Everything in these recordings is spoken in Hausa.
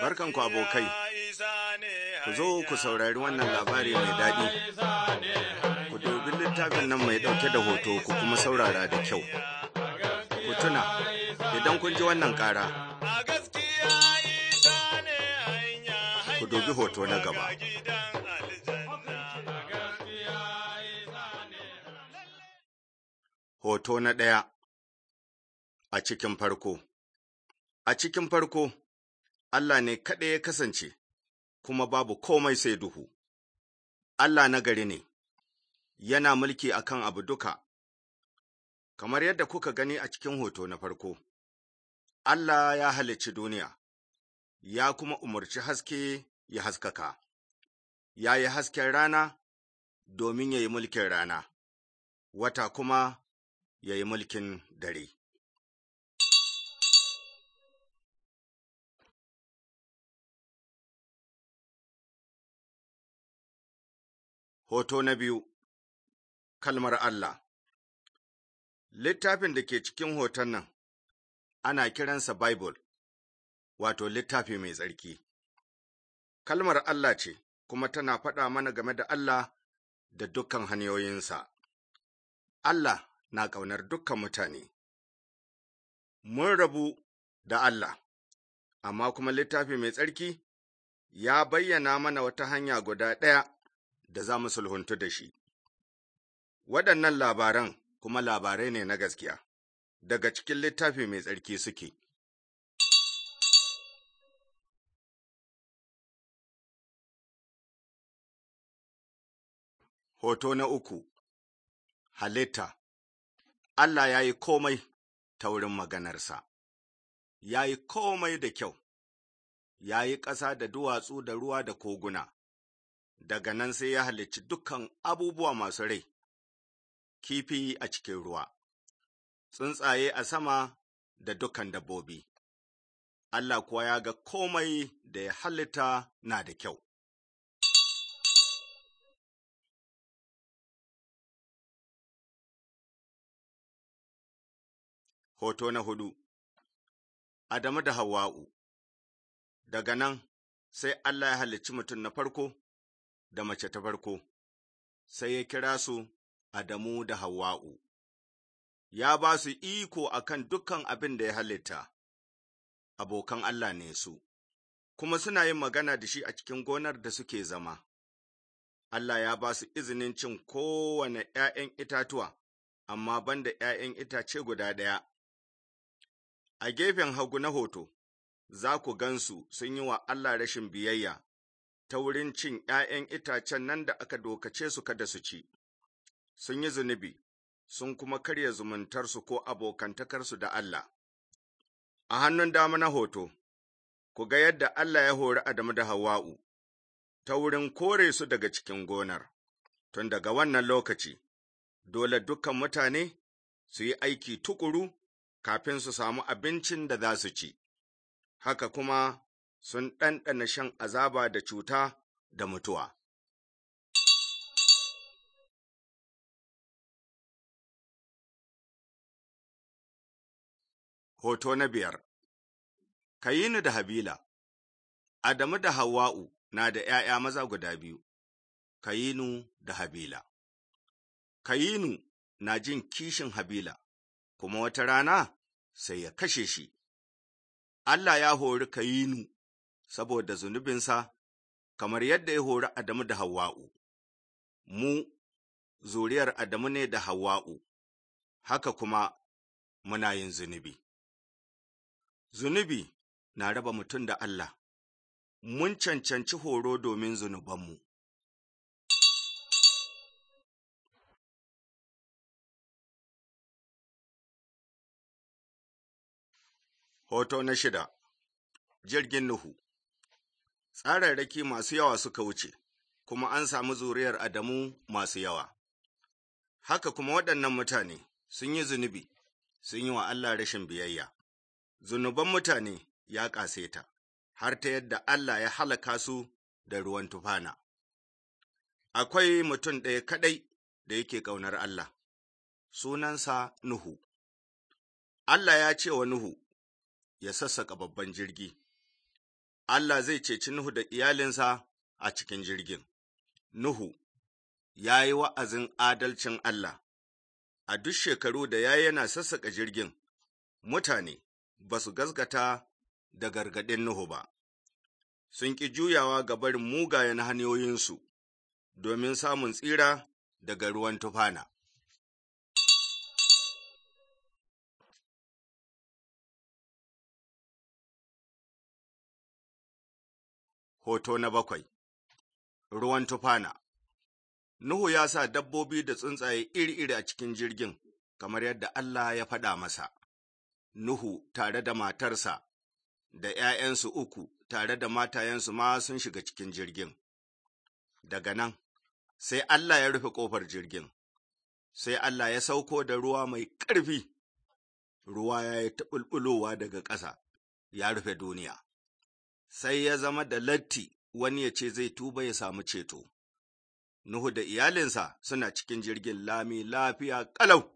barkanku abokai, ku zo ku saurari wannan labari mai daɗi, ku dubi littafin nan mai ɗauke da hoto ku kuma saurara da kyau. Ku tuna, idan kun ji wannan ƙara, ku dubi hoto na gaba. Hoto na ɗaya a cikin farko A cikin farko, Allah ne kaɗai ya kasance, kuma babu komai sai duhu. Allah na gari ne, yana mulki a kan abu duka, kamar yadda kuka gani a cikin hoto na farko, Allah ya halicci duniya, ya kuma umarci haske ya haskaka, ya yi hasken rana domin ya yi mulkin rana, wata kuma ya yi mulkin dare. Hoto na biyu Kalmar Allah Littafin da ke cikin hoton nan ana kiransa Bible, wato littafi mai tsarki. Kalmar Allah ce kuma tana faɗa mana game da Allah da dukkan hanyoyinsa. Allah na ƙaunar dukkan mutane. Mun rabu da Allah, amma kuma littafi mai tsarki ya bayyana mana wata hanya guda ɗaya da za mu sulhuntu da shi. Waɗannan labaran kuma labarai ne na gaskiya, daga cikin littafi mai tsarki suke. Hoto na uku Halitta Allah ya yi komai ta wurin maganarsa, ya yi komai da kyau, ya yi ƙasa da duwatsu da ruwa da koguna, daga nan sai ya halicci dukkan abubuwa masu rai, kifi a cikin ruwa, tsuntsaye a sama da dukkan dabbobi. Allah kuwa ya ga komai da ya halitta na da kyau. Hoto na hudu Adamu da Hawwa'u Daga nan sai Allah ya halicci mutum na farko da mace ta farko, sai ya kira su Adamu da Hawwa'u, ya ba su iko a kan dukkan abin da ya halitta, abokan Allah ne su, kuma suna yin magana da shi a cikin gonar da suke zama. Allah ya ba su izinin cin kowane ’ya'yan itatuwa, amma banda ’ya'yan itace guda ɗaya. A gefen hagu na hoto, za ku gansu sun yi wa Allah rashin biyayya ta wurin cin ’ya'yan itacen nan da aka dokace su kada su ci, sun yi zunubi, sun kuma karya zumuntarsu ko abokantakarsu da Allah. A hannun dama na hoto, ku ga yadda Allah ya hori Adamu da hawa'u ta wurin kore su daga cikin gonar, tun daga wannan lokaci, dole dukkan mutane su yi aiki tukuru kafin su samu abincin da za su ci, haka kuma sun ɗanɗana shan azaba da cuta da mutuwa. Hoto na biyar Kayinu da Habila Adamu da Hawwa'u na da ’ya'ya maza guda biyu, Kayinu da Habila. Kayinu na jin kishin Habila, kuma wata rana sai ya kashe shi. Allah ya hori Kayinu saboda zunubinsa, kamar yadda ya hori Adamu da Hawwa'u. Mu, zuriyar Adamu ne da Hawwa'u, haka kuma muna yin zunubi. Zunubi na raba mutum da Allah, mun cancanci horo domin zunubanmu. Hoto na shida Jirgin Nuhu tsararraki masu yawa suka wuce, kuma an samu zuriyar Adamu masu yawa. Haka kuma waɗannan mutane sun yi zunubi, sun yi wa Allah rashin biyayya. Zunuban mutane ya ta, har ta yadda Allah ya halaka su da ruwan tufana. Akwai mutum ɗaya kaɗai da yake ƙaunar Allah, sunansa Nuhu. Allah ya ce wa Nuhu, ya sassaƙa babban jirgi, Allah zai ceci Nuhu da iyalinsa a cikin jirgin. Nuhu ya yi wa'azin adalcin Allah, a duk shekaru da ya yana sassaƙa jirgin, mutane ba su gaskata da gargaɗin Nuhu ba, sun ƙi juyawa ga barin mugayen hanyoyinsu domin samun tsira daga ruwan tufana. Hoto na bakwai Ruwan tufana Nuhu ya sa dabbobi da tsuntsaye iri-iri a cikin jirgin, kamar yadda Allah ya faɗa masa. Nuhu tare da matarsa da ’ya'yansu uku tare da matayensu ma sun shiga cikin jirgin. Daga nan, sai Allah ya rufe ƙofar jirgin, sai Allah ya sauko da ruwa mai ƙarfi, ruwa ya yi taɓulɓulowa daga ƙasa, ya rufe duniya. sai ya zama da latti wani ya ce zai tuba ya samu ceto. Nuhu da iyalinsa suna cikin jirgin lami lafiya ƙalau,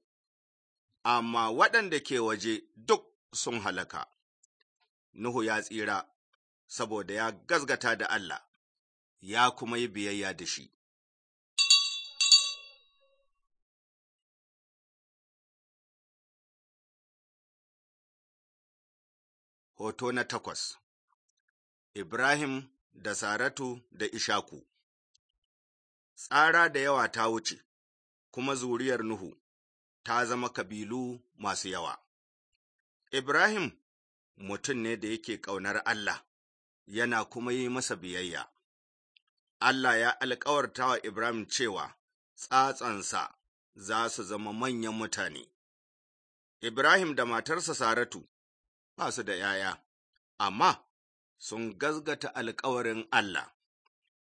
amma waɗanda ke waje duk sun halaka. Nuhu ya tsira saboda ya gazgata da Allah, ya kuma yi biyayya da shi. Hoto na takwas Ibrahim da Saratu da Ishaku. Tsara da yawa ta wuce, kuma zuriyar Nuhu ta zama kabilu masu yawa. Ibrahim mutum ne da yake ƙaunar Allah, yana kuma yi masa biyayya. Allah ya alkawarta wa Ibrahim cewa tsatsansa za su zama manyan mutane. Ibrahim da matarsa Saratu ba su da ’ya'ya, amma sun gazgata alkawarin Allah.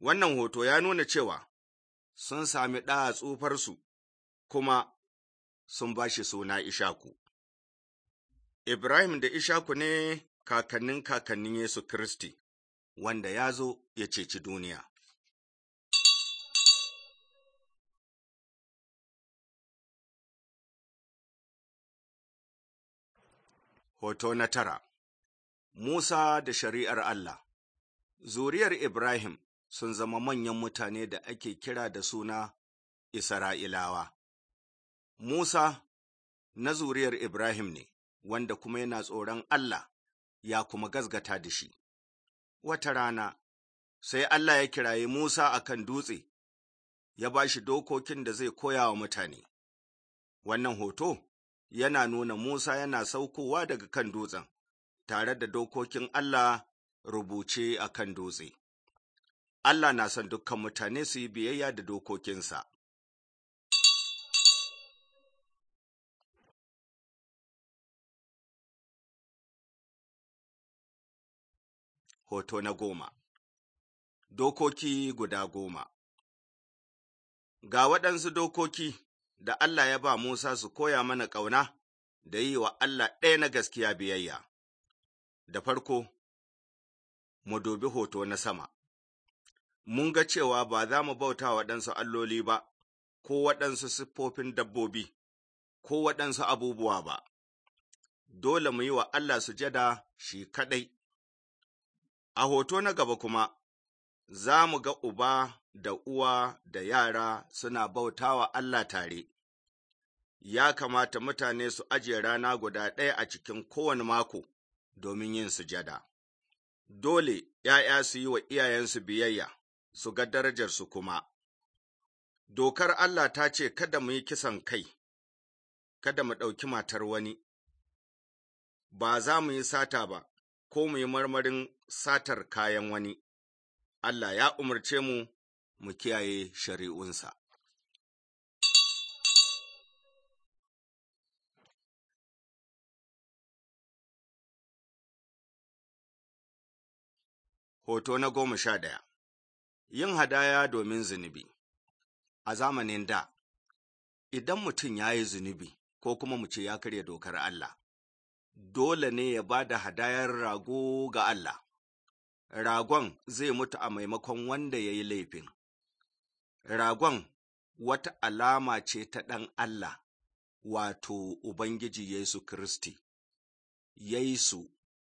Wannan hoto ya nuna cewa sun sami ɗa tsufarsu kuma sun ba shi suna Ishaku. Ibrahim da Ishaku ne kakannin kakannin Yesu Kiristi, wanda ya zo ya ceci duniya. Hoto na tara Musa da shari'ar Allah Zuriyar Ibrahim sun zama manyan mutane da ake kira da suna Isra'ilawa. Musa na zuriyar Ibrahim ne, wanda kuma yana tsoron Allah ya kuma gazgata da shi. Wata rana, sai Allah ya kiraye Musa a kan dutse, ya ba shi dokokin da zai koya wa mutane. Wannan hoto yana nuna Musa yana saukowa daga kan dutsen, tare da dokokin Allah rubuce a kan dutse. Allah na son dukkan mutane su yi biyayya da dokokinsa. Hoto na goma Dokoki guda goma Ga waɗansu dokoki da Allah ya ba Musa su koya mana ƙauna da yi wa Allah ɗaya na gaskiya biyayya. da farko, mu dubi hoto na sama, mun ga cewa ba za mu bauta waɗansu alloli ba, ko waɗansu siffofin dabbobi, ko waɗansu abubuwa ba, dole mu yi wa Allah sujada shi kaɗai. A hoto na gaba kuma, za mu ga uba da uwa da yara suna bautawa Allah tare. Ya kamata mutane su ajiye rana guda ɗaya a cikin kowane mako domin yin sujada. Dole ’ya'ya su yi wa iyayensu biyayya, su ga darajarsu kuma. Dokar Allah ta ce kada mu yi kisan kai, kada mu ɗauki matar wani, ba za mu yi sata ba, ko mu yi marmarin satar kayan wani. Allah ya umarce mu mu kiyaye shari'unsa. Hoto na goma sha ɗaya Yin hadaya domin zunubi A zamanin da, idan mutum ya yi zunubi ko kuma mu ce ya karya dokar Allah, dole ne ya ba da hadayar rago ga Allah, ragon zai mutu a maimakon wanda ya yi laifin. Ragon wata alama ce ta ɗan Allah, wato Ubangiji Yesu Kiristi, Yesu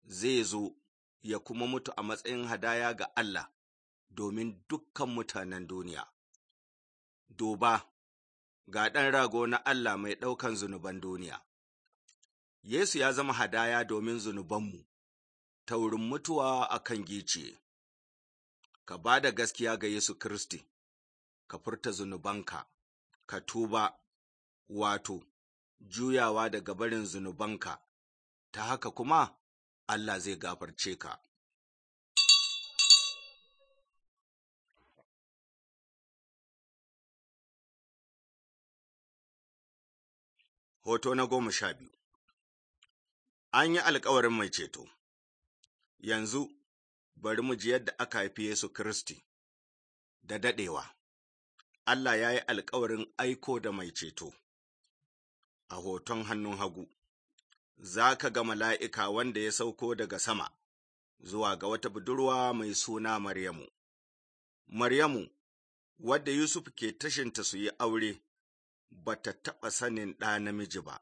zai zo ya kuma mutu a matsayin hadaya ga Allah domin dukkan mutanen duniya. Doba, ga ɗan rago na Allah mai ɗaukan zunuban duniya. Yesu ya zama hadaya domin zunubanmu, ta wurin mutuwa a kan gice. Ka ba da gaskiya ga Yesu Kiristi, ka furta zunubanka, ka tuba, wato, juyawa daga barin zunubanka, ta haka kuma Allah zai gafarce ka. Hoto na goma sha biyu An yi alkawarin mai ceto, yanzu bari mu ji yadda aka haifi Yesu Kiristi da daɗewa, Allah ya yi alkawarin aiko da mai ceto a hoton hannun hagu. za ka ga mala'ika wanda ya sauko daga sama zuwa ga wata budurwa mai suna Maryamu. Maryamu, wadda Yusuf ke tashinta su yi aure, ba ta taɓa sanin ɗa namiji ba.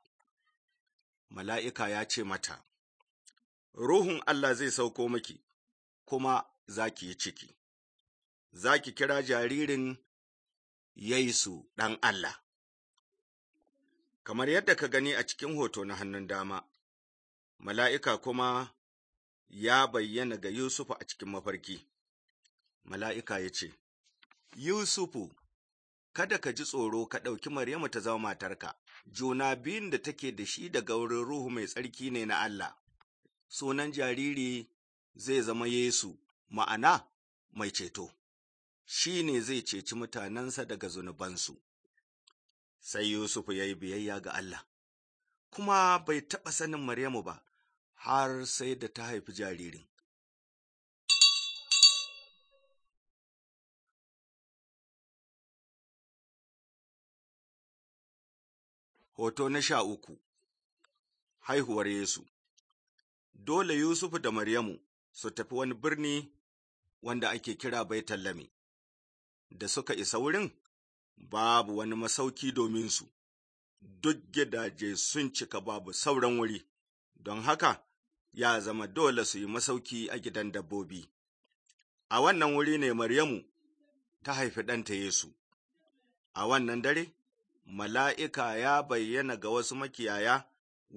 Mala'ika ya ce mata, Ruhun Allah zai sauko miki, kuma za ki yi ciki, za ki kira jaririn Yesu ɗan Allah. kamar yadda ka gani a cikin hoto na hannun dama, mala'ika kuma ya bayyana ga Yusufu a cikin mafarki. Mala'ika ya ce, Yusufu, kada ka ji tsoro ka ɗauki Maryamu ta zama matarka, juna biyun da take da shi daga wurin Ruhu mai tsarki ne na Allah, sunan jariri zai zama Yesu, ma'ana mai ceto, shi ne zai ceci mutanensa daga zunubansu. sai Yusuf ya yi biyayya ga Allah, kuma bai taɓa sanin Maryamu ba har sai da ta haifi jaririn. Hoto na sha uku Haihuwar Yesu Dole yusuf da Maryamu su tafi wani birni wanda ake kira tallami. da suka isa wurin babu wani masauki domin su, duk gidaje sun cika babu sauran wuri, don haka ya zama dole su yi masauki a gidan dabbobi. A wannan wuri ne Maryamu ta haifi ɗanta Yesu, a wannan dare, mala'ika ya bayyana ga wasu makiyaya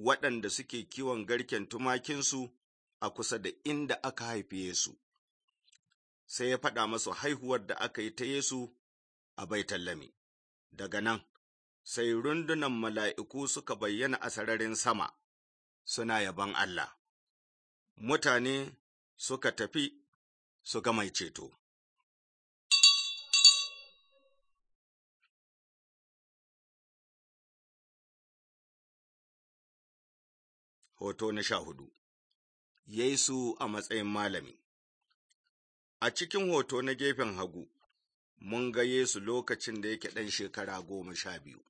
waɗanda suke kiwon garken tumakinsu a kusa da inda aka haifi Yesu. Sai ya faɗa masu haihuwar da aka yi ta Yesu a baitallami. Daga nan, sai rundunan mala'iku suka bayyana a sararin sama, suna yaban Allah. Mutane suka tafi su ga mai ceto. Hoto na sha hudu Yesu a matsayin malami A cikin hoto na gefen hagu, mun ga Yesu lokacin da yake ɗan shekara goma sha biyu.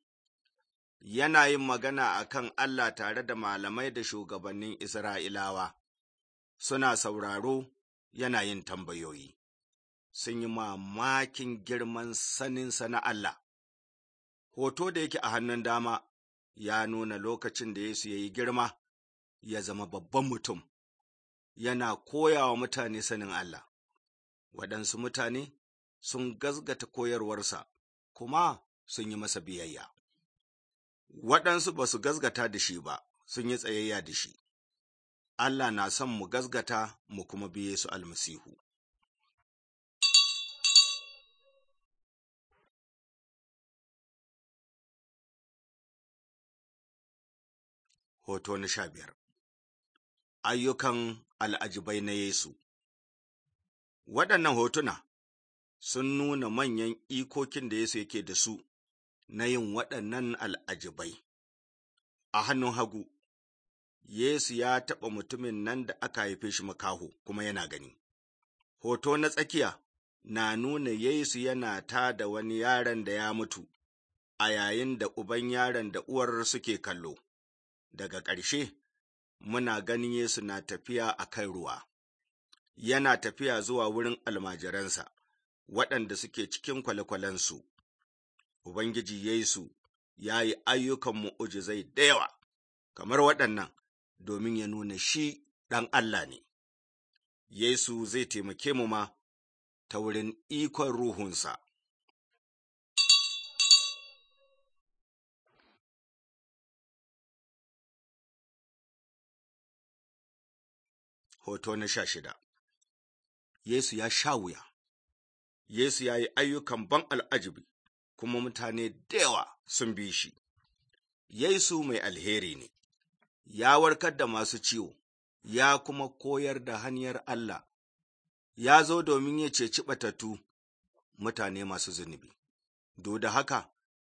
Yana yin magana a kan Allah tare da malamai da shugabannin Isra'ilawa, suna sauraro yana yin tambayoyi, sun yi mamakin girman saninsa na Allah. Hoto da yake a hannun dama ya nuna lokacin da Yesu ya yi girma, ya zama babban mutum, yana koyawa mutane sanin Allah. Waɗansu mutane sun gazgata koyarwarsa, kuma sun yi masa biyayya. Waɗansu ba su gazgata da shi ba, sun yi tsayayya da shi. Allah na son mu gazgata mu kuma biye su almasihu. Hoto na sha biyar Ayyukan al'ajibai na Yesu Waɗannan hotuna sun nuna manyan ikokin da Yesu yake da su na yin waɗannan al'ajibai. A hannun hagu, Yesu ya taɓa mutumin nan da aka haife shi makaho kuma yana gani. Hoto na tsakiya na nuna Yesu yana ta da wani yaron da ya mutu, a yayin da uban yaron da uwar suke kallo. Daga ƙarshe, muna ganin Yesu na tafiya a kan ruwa, yana tafiya zuwa wurin almajiransa. waɗanda suke cikin kwale-kwalensu. Ubangiji Yesu ya yi ayyukan mu'ujizai da yawa, kamar waɗannan, domin ya nuna shi ɗan Allah ne. Yesu zai taimake mu ma ta wurin ikon ruhunsa. Hoto na sha shida Yesu ya sha wuya Yesu ya yi ayyukan ban al'ajibi, kuma mutane da sun bi shi. Yesu mai alheri ne, ya warkar da masu ciwo, ya kuma koyar da hanyar Allah, ya zo domin ya ceci ɓatattu mutane masu zunubi. Do da haka,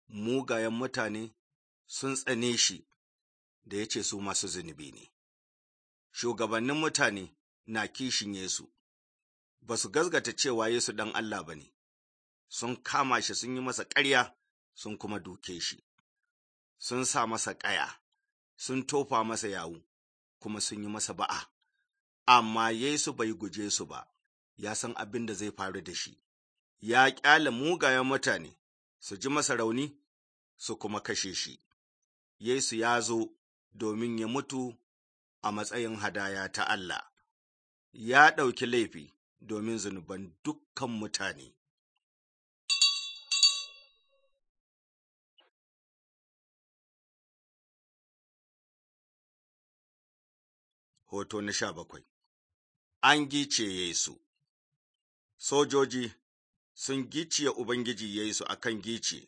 mugayen mutane sun tsane shi da ya ce su masu zunubi ne. Shugabannin mutane na kishin Yesu, ba su gazgata cewa Yesu ɗan Allah ba ne, sun kama shi sun yi masa ƙarya sun kuma duke shi, sun sa masa ƙaya, sun tofa masa yawu, kuma sun yi masa ba'a, amma Yesu bai guje su ba, ya san abin da zai faru da shi, ya ƙyale mugayen mutane su ji masa rauni su kuma kashe shi. Yesu ya zo domin ya mutu a matsayin hadaya ta Allah, ya ɗauki laifi. domin zunuban dukkan mutane. Hoto na sha bakwai An gice Yesu Sojoji sun giciye Ubangiji Yesu a kan gice,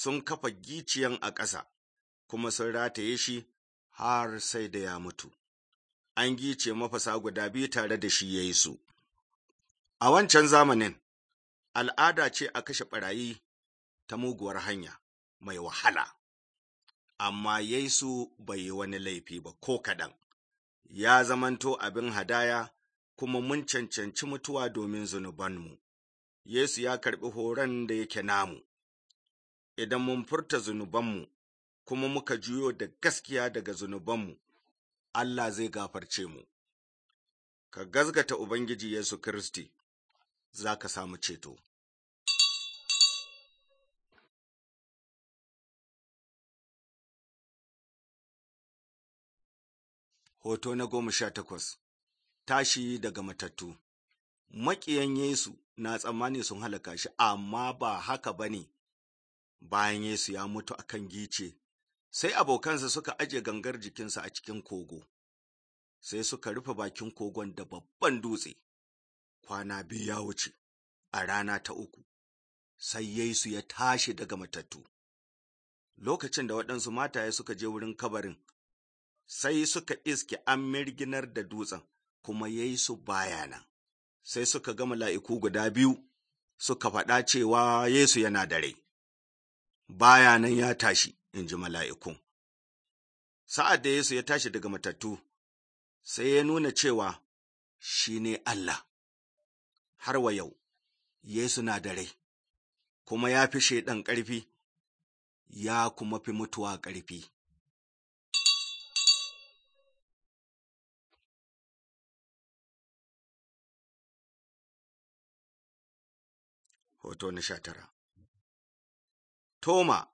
sun kafa giciyan a ƙasa, kuma sun rataye shi har sai da ya mutu. An gice mafasa guda biyu tare da shi Yesu. A wancan zamanin, al'ada ce a kashe ɓarayi ta muguwar hanya mai wahala, amma Yesu bai yi wani laifi ba ko kaɗan, ya zamanto abin hadaya kuma mun cancanci mutuwa domin zunubanmu. Yesu ya karɓi horon da yake namu, idan mun furta zunubanmu kuma muka juyo da gaskiya daga zunubanmu, Allah zai gafarce mu. Ka gazgata Ubangiji Yesu Kiristi, za ka samu ceto. Hoto na goma sha takwas Tashi daga matattu Maƙiyan Yesu na tsammani sun halaka shi, amma ba haka ba ne, bayan Yesu ya mutu a kan gice, sai abokansa suka aje gangar jikinsa a cikin kogo, sai suka rufe bakin kogon da babban dutse. kwana biyu ya wuce a rana ta uku sai Yesu ya tashi daga matattu lokacin da waɗansu mataye suka je wurin kabarin sai suka iske an mirginar da dutsen kuma Yesu baya nan sai suka ga mala'iku guda biyu suka faɗa cewa Yesu yana da rai baya nan ya tashi in ji mala'ikun sa'ad da Yesu ya tashi daga matattu sai ya nuna cewa shi ne Allah har wa yau, Yesu na da rai, kuma ya fi shaiɗan ƙarfi, ya kuma fi mutuwa ƙarfi. Hoto na sha tara Toma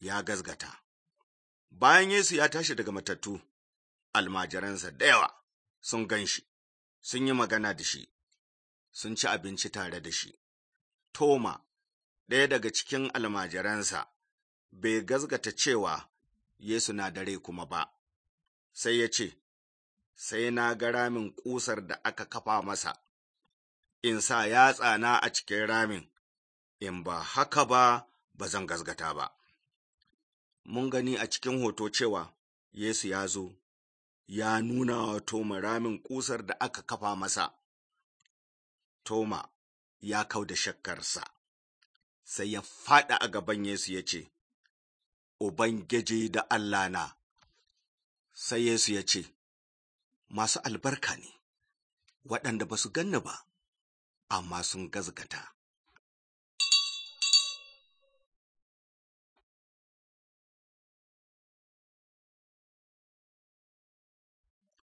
ya gazgata Bayan Yesu ya tashi daga matattu, almajiransa da yawa sun gan shi, sun yi magana da shi, sun ci abinci tare da shi. Toma, ɗaya daga cikin almajiransa, bai gazgata cewa Yesu na dare kuma ba, sai ya ce, Sai na ga ramin ƙusar da aka kafa masa, in sa ya tsana a cikin ramin, in ba haka ba ba zan gazgata ba. Mun gani a cikin hoto cewa Yesu ya zo, ya nuna wa Toma ramin ƙusar da aka kafa masa. Toma ya kau da shakkarsa, sai ya faɗa a gaban Yesu ya ce, Ubangiji da Allah na, sai Yesu ya ce, Masu albarka ne, waɗanda ba su ganni ba, amma sun gazgata.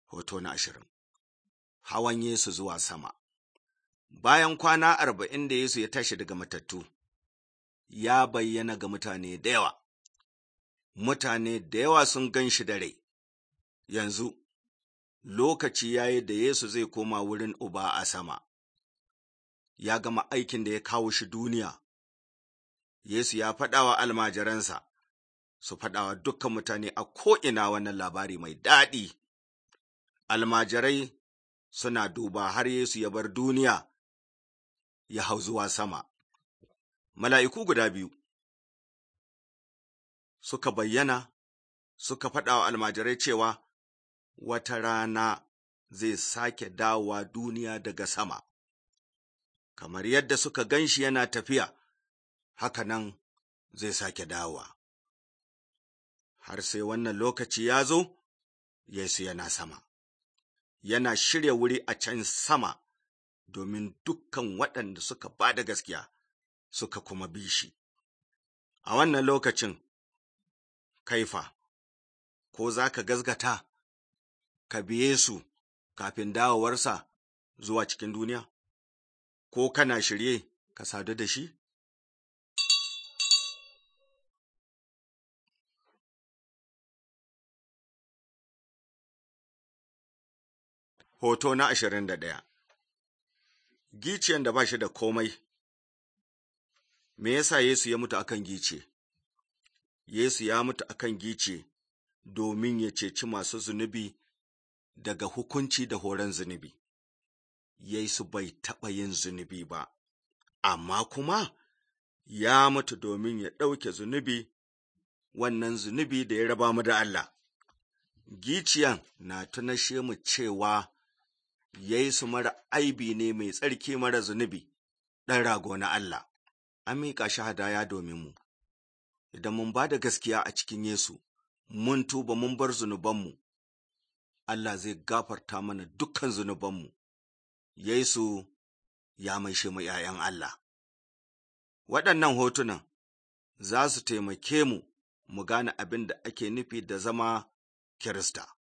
Hoto na ashirin Hawan Yesu zuwa sama bayan kwana arba'in da Yesu ya tashi daga matattu, ya bayyana ga mutane da yawa, mutane da yawa sun gan shi da rai, yanzu lokaci ya yi da Yesu zai koma wurin Uba a sama, ya gama aikin da ya kawo shi duniya, Yesu ya faɗawa almajiransa su faɗawa dukkan mutane a ko'ina wannan labari mai daɗi, almajirai suna duba har Yesu ya bar duniya ya hau zuwa sama. Mala'iku guda biyu suka bayyana suka faɗa wa almajirai cewa wata rana zai sake dawowa duniya daga sama, kamar yadda suka gan shi yana tafiya, haka nan zai sake dawowa. Har sai wannan lokaci ya zo, Yesu yana sama, yana shirya wuri a can sama domin dukkan waɗanda suka ba da gaskiya suka kuma bi shi. A wannan lokacin, kaifa, ko za ka gazgata, ka biye su kafin dawowarsa zuwa cikin duniya, ko kana shirye ka sadu da shi? Hoto na ashirin da ɗaya giciyan da ba shi da komai me yasa Yesu ya mutu akan gice Yesu ya mutu akan gice domin ya ceci masu zunubi daga hukunci da horon zunubi Yesu bai taɓa yin zunubi ba amma kuma ya mutu domin ya ɗauke zunubi wannan zunubi da ya raba mu da Allah giciyan na tunashe mu cewa ya yi su mara aibi ne mai tsarki mara zunubi, ɗan rago na Allah, an miƙa shi hadaya domin mu. Idan mun ba da gaskiya a cikin Yesu, mun tuba mun bar zunubanmu, Allah zai gafarta mana dukkan zunubanmu, Yesu ya maishe mu ’ya'yan Allah. Waɗannan hotunan za su taimake mu mu gane abin da ake nufi da zama Kirista.